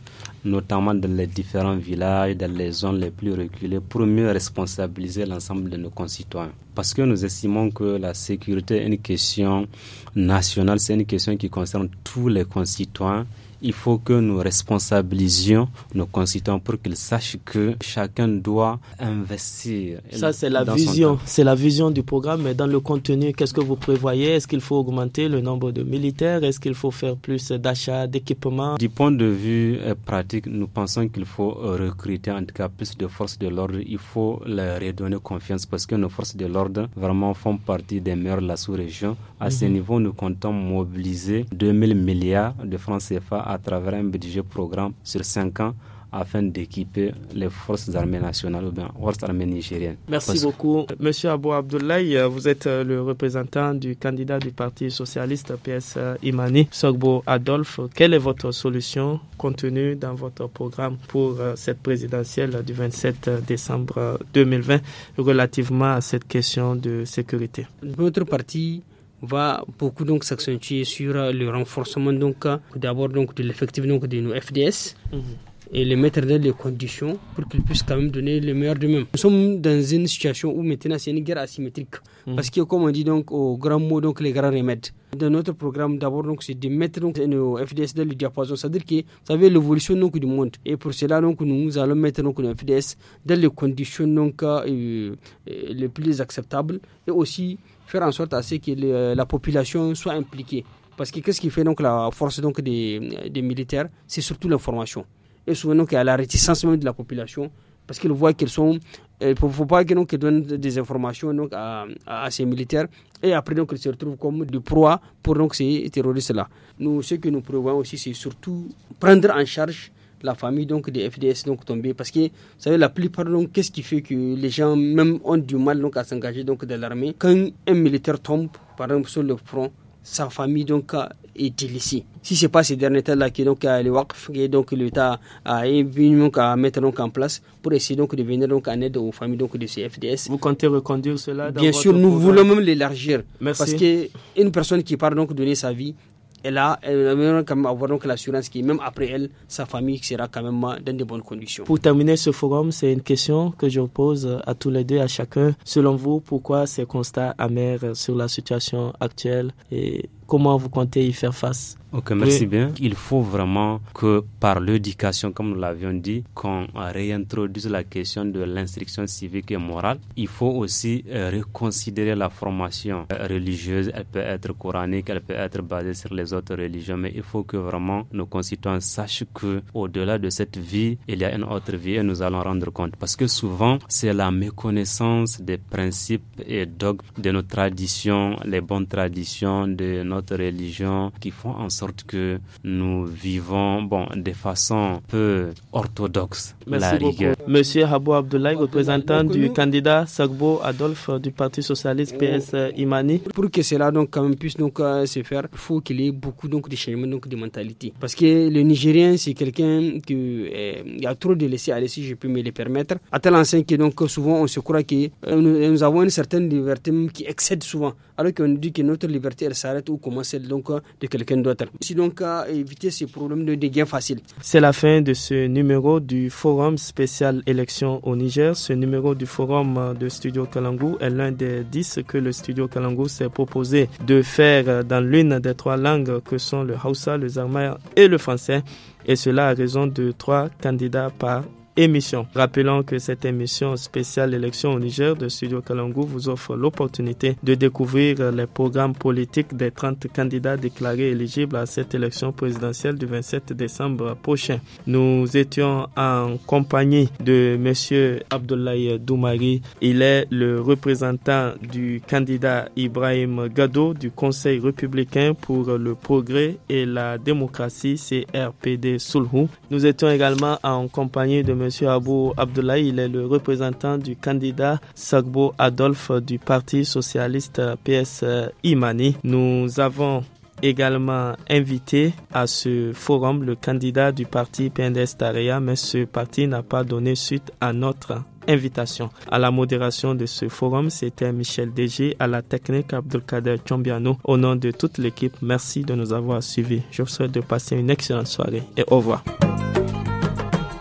[SPEAKER 1] notamment dans les différents villages, dans les zones les plus reculées, pour mieux responsabiliser l'ensemble de nos concitoyens. Parce que nous estimons que la sécurité est une question nationale, c'est une question qui concerne tous les concitoyens il faut que nous responsabilisions nos concitoyens pour qu'ils sachent que chacun doit investir. Ça, c'est la vision.
[SPEAKER 2] C'est la vision du programme, mais dans le contenu, qu'est-ce que vous prévoyez Est-ce qu'il faut augmenter le nombre
[SPEAKER 1] de militaires Est-ce qu'il faut faire plus d'achats d'équipements Du point de vue euh, pratique, nous pensons qu'il faut euh, recruter en tout cas plus de forces de l'ordre. Il faut leur redonner confiance parce que nos forces de l'ordre vraiment font partie des meilleurs de la sous-région. À ce mhm. niveau, nous comptons mobiliser 2 000 milliards de francs CFA à travers un budget programme sur 5 ans afin d'équiper les forces armées nationales ou bien forces armées nigériennes. Merci beaucoup.
[SPEAKER 2] Monsieur Abou Abdoulaye, vous êtes euh, le représentant du candidat du Parti socialiste PS euh, Imani, Sogbo Adolphe. Quelle est votre solution contenue dans votre programme pour euh, cette présidentielle du 27 décembre 2020 relativement à cette question de sécurité
[SPEAKER 3] Votre parti va beaucoup donc s'accentuer sur le renforcement donc d'abord donc de l'effectif donc de nos FDS et les mettre dans les conditions pour qu'ils puissent quand même donner le meilleur de même. Nous sommes dans une situation où maintenant c'est une guerre asymétrique mhm. parce que comme on dit donc au grand mot donc les grands remèdes. Dans notre programme d'abord donc c'est de mettre nos FDS dans le diapason, c'est-à-dire que vous savez l'évolution donc du monde et pour cela donc nous allons mettre donc nos FDS dans les conditions donc euh, euh, les plus acceptables et aussi faire en sorte à ce que la population soit impliquée. Parce que qu'est-ce qui fait donc la force donc des, des militaires C'est surtout l'information. Et souvent, donc, il y a la réticence même de la population parce qu'ils voient qu'ils sont. ne euh, faut pas qu'ils donnent des informations donc, à, à, ces militaires et après donc ils se retrouvent comme des proie pour donc, ces terroristes-là. Nous, ce que nous prévoyons aussi, c'est surtout prendre en charge la famille donc des FDS donc tombée parce que vous savez la plupart donc qu'est-ce qui fait que les gens même ont du mal donc à s'engager donc dans l'armée quand un militaire tombe par exemple sur le front sa famille donc est ici. Si c'est pas ces derniers temps là qui donc le waqf qui donc l'État a venu donc à mettre donc en place pour essayer donc de venir donc en aide aux familles donc de ces FDS. Vous comptez reconduire cela dans Bien sûr, nous voulons même l'élargir parce que une personne qui part donc donner sa vie, elle a elle, quand même avoir l'assurance qui même après elle sa famille sera quand même euh, dans de bonnes conditions. Pour
[SPEAKER 2] terminer ce forum, c'est une question que je pose euh, à tous les deux à chacun. Selon vous, pourquoi ces constats amers euh, sur la situation actuelle et comment vous comptez y faire face Ok, merci
[SPEAKER 1] bien. Il faut vraiment que par l'éducation, comme nous l'avions dit, qu'on réintroduise la question de l'instruction civique et morale. Il faut aussi euh, reconsidérer la formation euh, religieuse. Elle peut être coranique, elle peut être basée sur les autres religions, mais il faut que vraiment nos concitoyens sachent que au-delà de cette vie, il y a une autre vie et nous allons rendre compte. Parce que souvent, c'est la méconnaissance des principes et dogmes de nos traditions, les bonnes traditions de notre religion qui font en que nous vivons bon, de façon peu orthodoxe la
[SPEAKER 2] Monsieur Habou Abdoulaye, représentant du candidat Sagbo
[SPEAKER 3] Adolphe du Parti Socialiste oh. PS euh, Imani. Pour que cela donc, quand même, puisse donc, euh, se faire, il faut qu'il y ait beaucoup donc, de changements donc, de mentalité. Parce que le Nigérien, c'est quelqu'un qui euh, a trop de laisser aller, si je peux me le permettre. À tel enseigne que donc, souvent on se croit que nous, avons une certaine liberté qui excède souvent, alors qu'on dit que notre liberté, elle s'arrête ou commence donc de quelqu'un d'autre éviter ces problèmes de dégâts
[SPEAKER 2] C'est la fin de ce numéro du forum spécial élection au Niger. Ce numéro du forum de Studio Kalangou est l'un des dix que le Studio Kalangou s'est proposé de faire dans l'une des trois langues que sont le Hausa, le Zarma et le français. Et cela à raison de trois candidats par émission. Rappelons que cette émission spéciale élection au Niger de Studio Kalangu vous offre l'opportunité de découvrir les programmes politiques des 30 candidats déclarés éligibles à cette élection présidentielle du 27 décembre prochain. Nous étions en compagnie de monsieur Abdoulaye Doumari. Il est le représentant du candidat Ibrahim Gado du Conseil républicain pour le progrès et la démocratie CRPD Sulhu. Nous étions également en compagnie de M. Monsieur Abou Abdoulaye, il est le représentant du candidat Sagbo Adolphe du Parti socialiste PS Imani. Nous avons également invité à ce forum le candidat du parti PNDS Taria, mais ce parti n'a pas donné suite à notre invitation. À la modération de ce forum, c'était Michel DG, à la technique Abdelkader Chombiano. Au nom de toute l'équipe, merci
[SPEAKER 4] de nous avoir suivis. Je vous souhaite de passer une excellente soirée et au revoir.